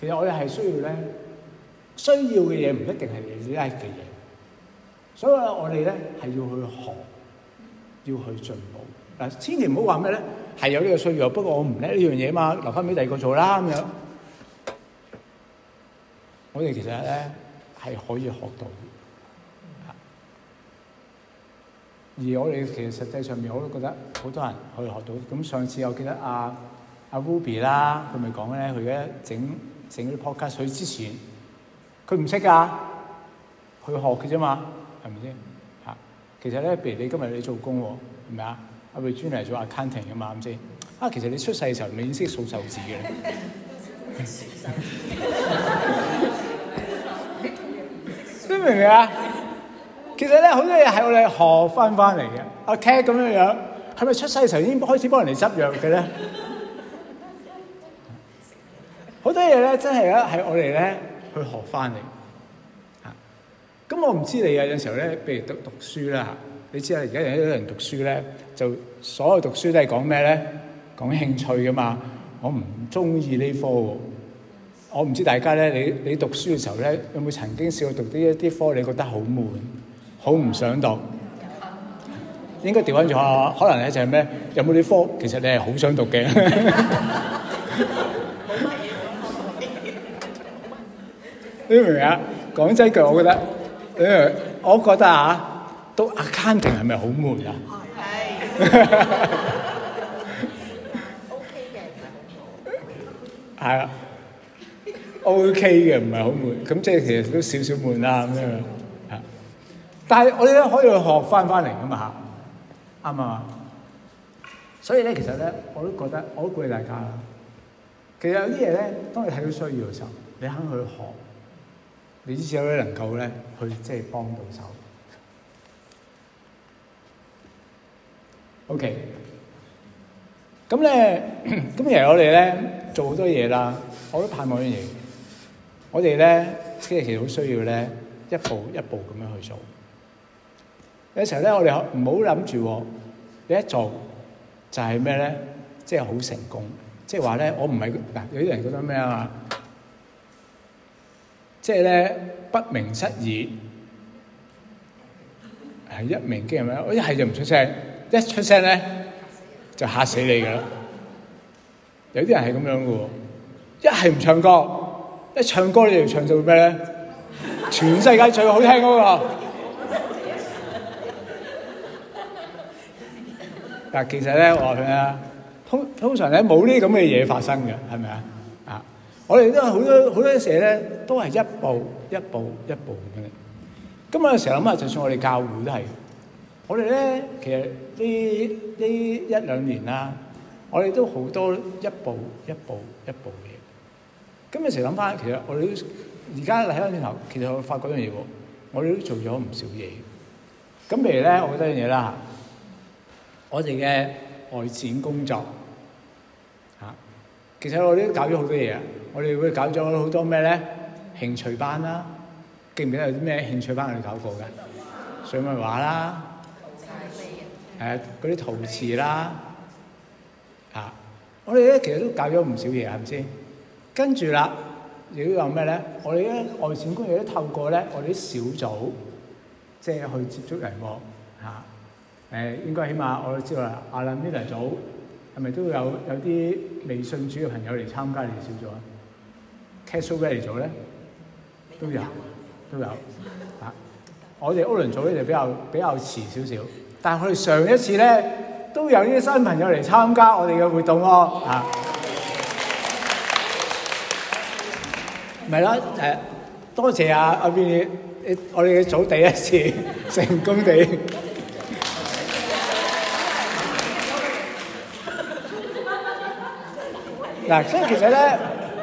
其實我又係需要咧，需要嘅嘢唔一定係 easy 嘅嘢。所以我哋咧係要去學，要去進步。千祈唔好話咩咧，係有呢個需要，不過我唔叻呢樣嘢、這個、嘛，留翻俾第二個做啦咁樣。我哋其實咧係可以學到的、啊，而我哋其實實際上面我都覺得好多人可以學到。咁上次我記得阿、啊、阿、啊、Ruby 啦，佢咪講咧，佢而家整整啲 podcast，佢之前佢唔識噶，佢學嘅啫嘛，係咪先？嚇、啊，其實咧，譬如你今日你做工喎，係咪啊？係咪專嚟做 accounting 嘅嘛啱先啊！其實你出世嘅時候，你已經識數手指嘅啦。都 *laughs* *laughs* *laughs* 明未啊？其實咧，好多嘢係我哋學翻翻嚟嘅。阿 Ted 咁樣樣，係咪出世嘅時候已經開始幫人哋執藥嘅咧？好多嘢咧，真係咧係我哋咧去學翻嚟嚇。咁、啊、我唔知你啊，有時候咧，譬如讀讀書啦嚇，你知啊，而家有好多人讀書咧。就所有讀書都係講咩咧？講興趣噶嘛？我唔中意呢科喎。我唔知大家咧，你你讀書嘅時候咧，有冇曾經試過讀啲一啲科，你覺得好悶，好唔想讀？應該調翻轉下，可能咧就係咩？有冇啲科其實你係好想讀嘅？你明唔明啊？講真句，我覺得，誒，我覺得啊，讀 accounting 係咪好悶啊？係啦 *laughs* *laughs* ，OK 嘅，唔係好悶，咁即係其實都少少悶啦咁樣。少少但係我哋咧，可以去學翻翻嚟噶嘛吓，啱嘛。所以咧，其實咧，我都覺得我都鼓勵大家啦。其實有啲嘢咧，當你睇到需要嘅時候，你肯去學，你至少咧能夠咧去即係幫到手。O.K. 咁咧，咁其實我哋咧做好多嘢啦，我都盼望一樣嘢。我哋咧即係其實好需要咧，一步一步咁樣去做。有時候咧，我哋唔好諗住你一做就係咩咧，即係好成功，即係話咧，我唔係嗱，有啲人覺得咩啊？即係咧不鳴則已係一鳴驚人，我一係就唔出聲。一出聲咧，就嚇死你噶啦！有啲人係咁樣噶喎，一係唔唱歌，一唱歌你就唱做咩咧？全世界最好聽嗰個，但係其實咧，我話佢啊，通通常咧冇呢啲咁嘅嘢發生嘅，係咪啊？啊，我哋都好多好多時咧，都係一步一步一步咁樣。今日成日諗下，就算我哋教會都係，我哋咧其實。呢呢一兩年啦，我哋都好多一步一步一步嘅嘢。咁有時諗翻，其實我哋都而家睇翻轉頭，其實我發覺一樣嘢喎，我哋都做咗唔少嘢。咁譬如咧，我覺得一樣嘢啦嚇，我哋嘅外展工作嚇，其實我哋都搞咗好多嘢。我哋會搞咗好多咩咧？興趣班啦，記唔記得有啲咩興趣班我哋搞過㗎？水墨畫啦。係嗰啲陶瓷啦、啊，嚇、啊！我哋咧其實都搞咗唔少嘢，係咪先？跟住啦，亦都有咩咧？我哋咧外展工亦都透過咧我哋啲小組，即係去接觸人過嚇。誒、啊啊，應該起碼我都知道阿林呢個組係咪都有有啲微信主嘅朋友嚟參加呢個小組啊 *music* ？Castle Valley 組咧都有 *laughs* 都有嚇、啊，我哋歐倫組咧就比較比較遲少少。但係我哋上一次咧都有啲新朋友嚟參加我哋嘅活動囉，嚇，咪咯，誒，多謝啊阿邊，我哋嘅組第一次成功地，嗱，所以其實咧，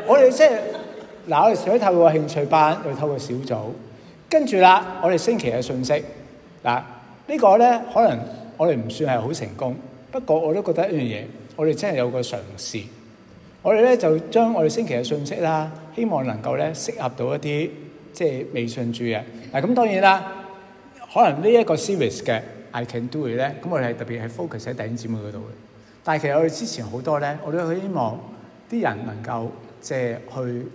我哋即係嗱，我哋先透過個興趣班，再透過個小組，跟住啦，我哋星期嘅信息嗱。呢個咧可能我哋唔算係好成功，不過我都覺得一樣嘢，我哋真係有個嘗試。我哋咧就將我哋星期日信息啦，希望能夠咧適合到一啲即係未信主嘅嗱。咁當然啦，可能呢一個 service 嘅 I can do it 咧，咁我哋係特別係 focus 喺弟兄姊妹嗰度嘅。但係其實我哋之前好多咧，我都好希望啲人能夠即係去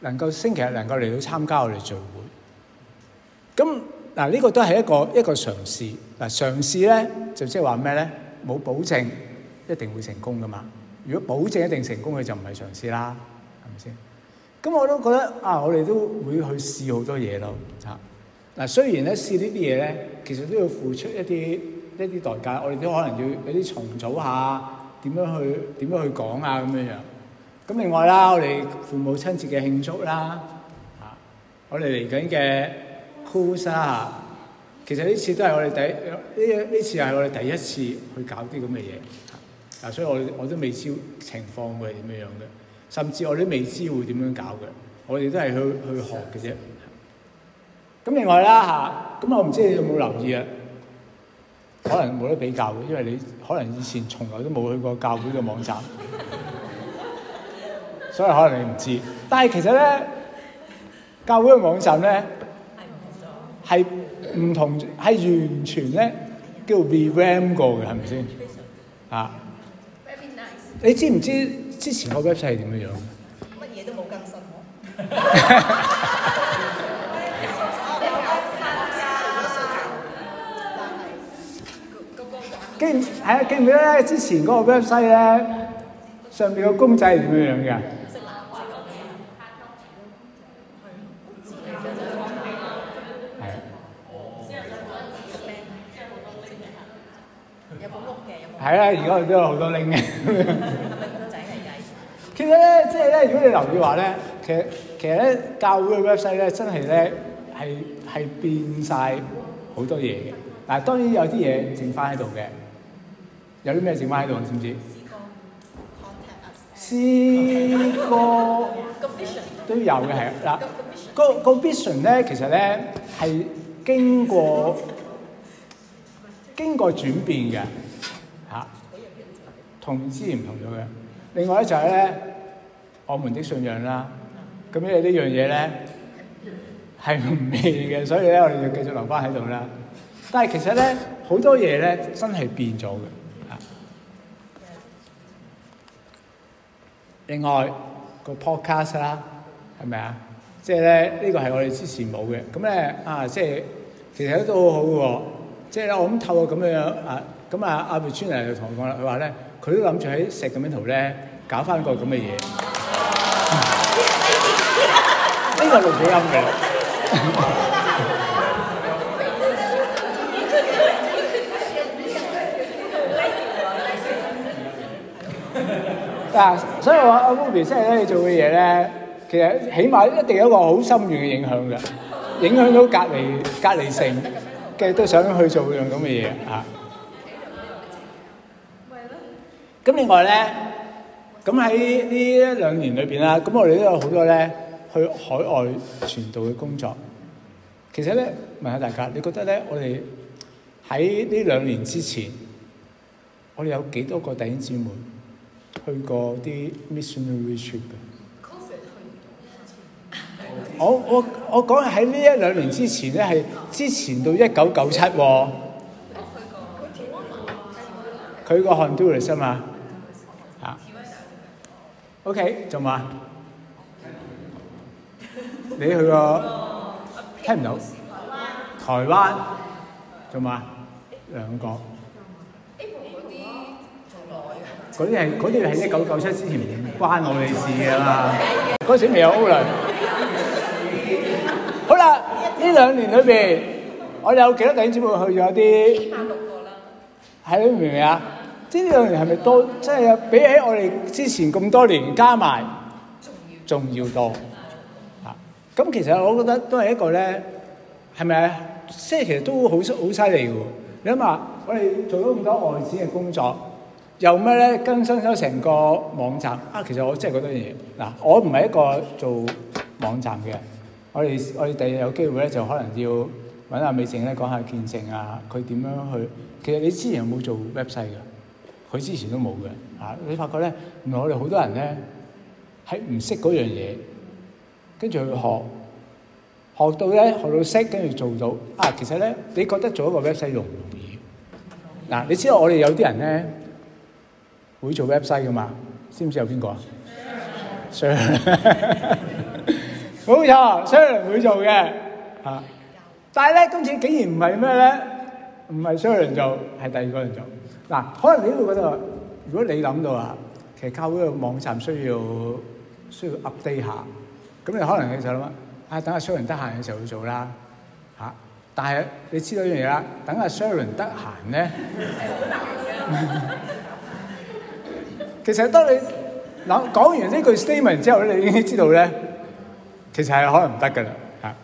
能夠星期日能夠嚟到參加我哋聚會。咁。嗱，呢個都係一個一個嘗試。嗱，嘗試咧就即係話咩咧？冇保證一定會成功噶嘛。如果保證一定成功佢就唔係嘗試啦，係咪先？咁我都覺得啊，我哋都會去試好多嘢咯。嚇！嗱，雖然咧試呢啲嘢咧，其實都要付出一啲一啲代價。我哋都可能要有啲重組下，點樣去點樣去講啊咁樣樣。咁另外啦，我哋父母親節嘅慶祝啦，嚇，我哋嚟緊嘅。p 沙 s 下，其實呢次都係我哋第呢呢次係我哋第一次去搞啲咁嘅嘢，嗱，所以我我都未知情況會係點樣樣嘅，甚至我都未知會點樣搞嘅，我哋都係去去學嘅啫。咁另外啦嚇，咁我唔知你有冇留意啊？可能冇得比較嘅，因為你可能以前從來都冇去過教會嘅網站， *laughs* 所以可能你唔知。但係其實咧，教會嘅網站咧。係唔同，係完全咧叫 revamp 過嘅，係咪先？啊！Very nice. 你知唔知之前個 website 係點樣樣？乜嘢都冇更新喎。跟係啊，記唔記得咧之前嗰個 website 咧上邊個公仔係點樣樣㗎？係啦，而家佢都有好多 link 嘅。係咪好多仔嚟計？其實咧，即係咧，如果你留意話咧，其實其實咧，教會嘅 website 咧，真係咧係係變曬好多嘢嘅。嗱，當然有啲嘢剩翻喺度嘅。有啲咩剩翻喺度？知唔知？詩歌，contact 啊，詩歌、個 Vision。都有嘅係嗱，個個 Vision 咧，其實咧係經過經過轉變嘅。同之前唔同咗嘅，另外咧就係咧，我們的信仰啦，咁因為呢樣嘢咧係唔變嘅，所以咧我哋就繼續留翻喺度啦。但係其實咧好多嘢咧真係變咗嘅。另外個 podcast 啦，係咪啊？即係咧呢個係我哋之前冇嘅，咁咧啊，即係其實都都好好喎。即係我諗透過咁樣啊，咁啊阿梅川就同我講啦，佢話咧。佢都諗住喺石咁樣圖咧搞翻個咁嘅嘢，呢個錄咗音嘅啦。嗱，所以我阿 Ruby 真係咧做嘅嘢咧，其實起碼一定有一個好深遠嘅影響嘅，影響到隔離隔離性，佢都想去做樣咁嘅嘢啊。咁另外咧，咁喺呢一兩年裏邊啦，咁我哋都有好多咧去海外傳道嘅工作。其實咧，問下大家，你覺得咧，我哋喺呢兩年之前，我哋有幾多個弟兄姊妹去過啲 missionary trip 嘅？我我我講喺呢一兩年之前咧，係之前到一九九七喎。佢個 Honduras 啊嘛～O K，做嘛？你去過？聽唔到？台灣做嘛？兩個。嗰啲係，嗰啲係一九九七之前嘅，關我哋事㗎啦。嗰時未有歐聯。好啦，呢兩年裏邊，我哋有幾多弟兄姊妹去咗啲？係，都明唔明啊？呢兩年係咪多？即係比起我哋之前咁多年加埋，仲要，仲要多。啊，咁其實我覺得都係一個咧，係咪？即係其實都好好犀利嘅。你諗下，我哋做咗咁多外展嘅工作，又咩咧？更新咗成個網站。啊，其實我真係覺得樣嘢。嗱，我唔係一個做網站嘅。我哋我哋第日有機會咧，就可能要揾阿美靜咧講下見證啊，佢點樣去。其實你之前有冇做 website 㗎？佢之前都冇嘅，啊！你發覺咧，原來我哋好多人咧係唔識嗰樣嘢，跟住去學，學到咧學到識，跟住做到。啊，其實咧，你覺得做一個 website 容唔容易？嗱，你知道我哋有啲人咧會做 website 噶嘛？知唔知有邊個啊？Shang，冇錯，Shang 唔會做嘅，啊！但係咧，今次竟然唔係咩咧？唔係 Sharon 做，係第二個人做。嗱，可能你會覺得，如果你諗到啊，其實教會嘅網站需要需要 update 下，咁你可能你就諗啊，等阿 Sharon 得閒嘅時候去做啦，嚇。但係你知道一樣嘢啦，等阿 Sharon 得閒咧，其實當你諗講完呢句 statement 之後咧，你已經知道咧，其實係可能唔得噶啦，嚇。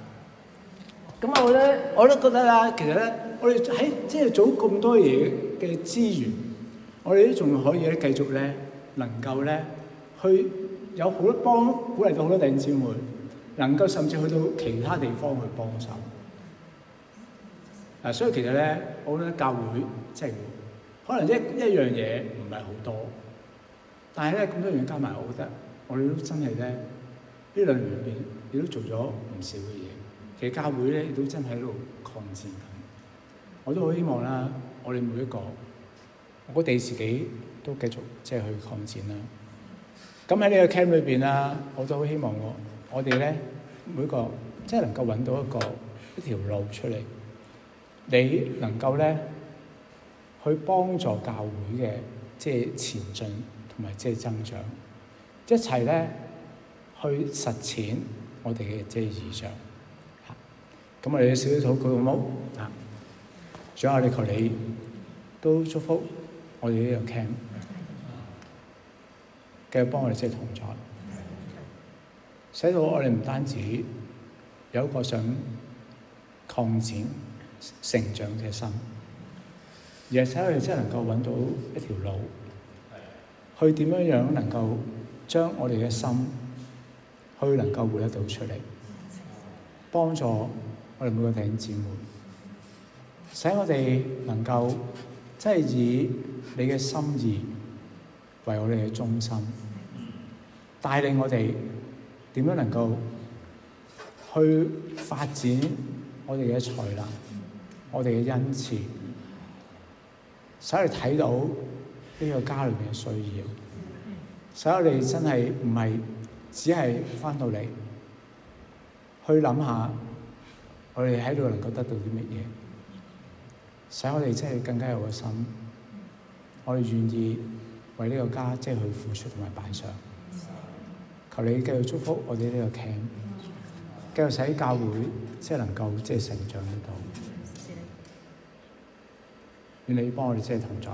咁我咧我都覺得啦，其實咧。我哋喺即係做咁多嘢嘅資源，我哋都仲可以咧繼續咧能夠咧去有好多幫鼓勵到好多弟兄姊妹，能夠甚至去到其他地方去幫手。嗱，所以其實咧，我覺得教會即係可能一一樣嘢唔係好多，但係咧咁多樣加埋，我覺得我哋都真係咧呢兩年嚟亦都做咗唔少嘅嘢，其實教會咧亦都真係喺度擴展。我都好希望啦，我哋每一個，我哋自己都繼續即係去擴展啦。咁喺呢個 camp 裏邊啦，我都好希望我我哋咧每個即係能夠揾到一個一條路出嚟，你能夠咧去幫助教會嘅即係前進同埋即係增長，一齊咧去實踐我哋嘅即係理想。咁我哋少少討論好唔好？仲有我哋求你都祝福我哋呢樣 camp，繼續幫我哋即係同在，使到我哋唔單止有一個想擴展成長嘅心，而係使我哋真係能夠揾到一條路，去點樣樣能夠將我哋嘅心去能夠活得到出嚟，幫助我哋每個弟兄姊妹。使我哋能夠真係以你嘅心意為我哋嘅中心，帶領我哋點樣能夠去發展我哋嘅才能、我哋嘅恩賜，使你睇到呢個家裏面嘅需要，使我哋真係唔係只係返到嚟去諗下我哋喺度能夠得到啲乜嘢。使我哋即係更加有個心，我哋願意為呢個家即係去付出同埋擺上。求你繼續祝福我哋呢個 camp，繼續使教會即係、就是、能夠即係成長得到。願你幫我哋即係同在。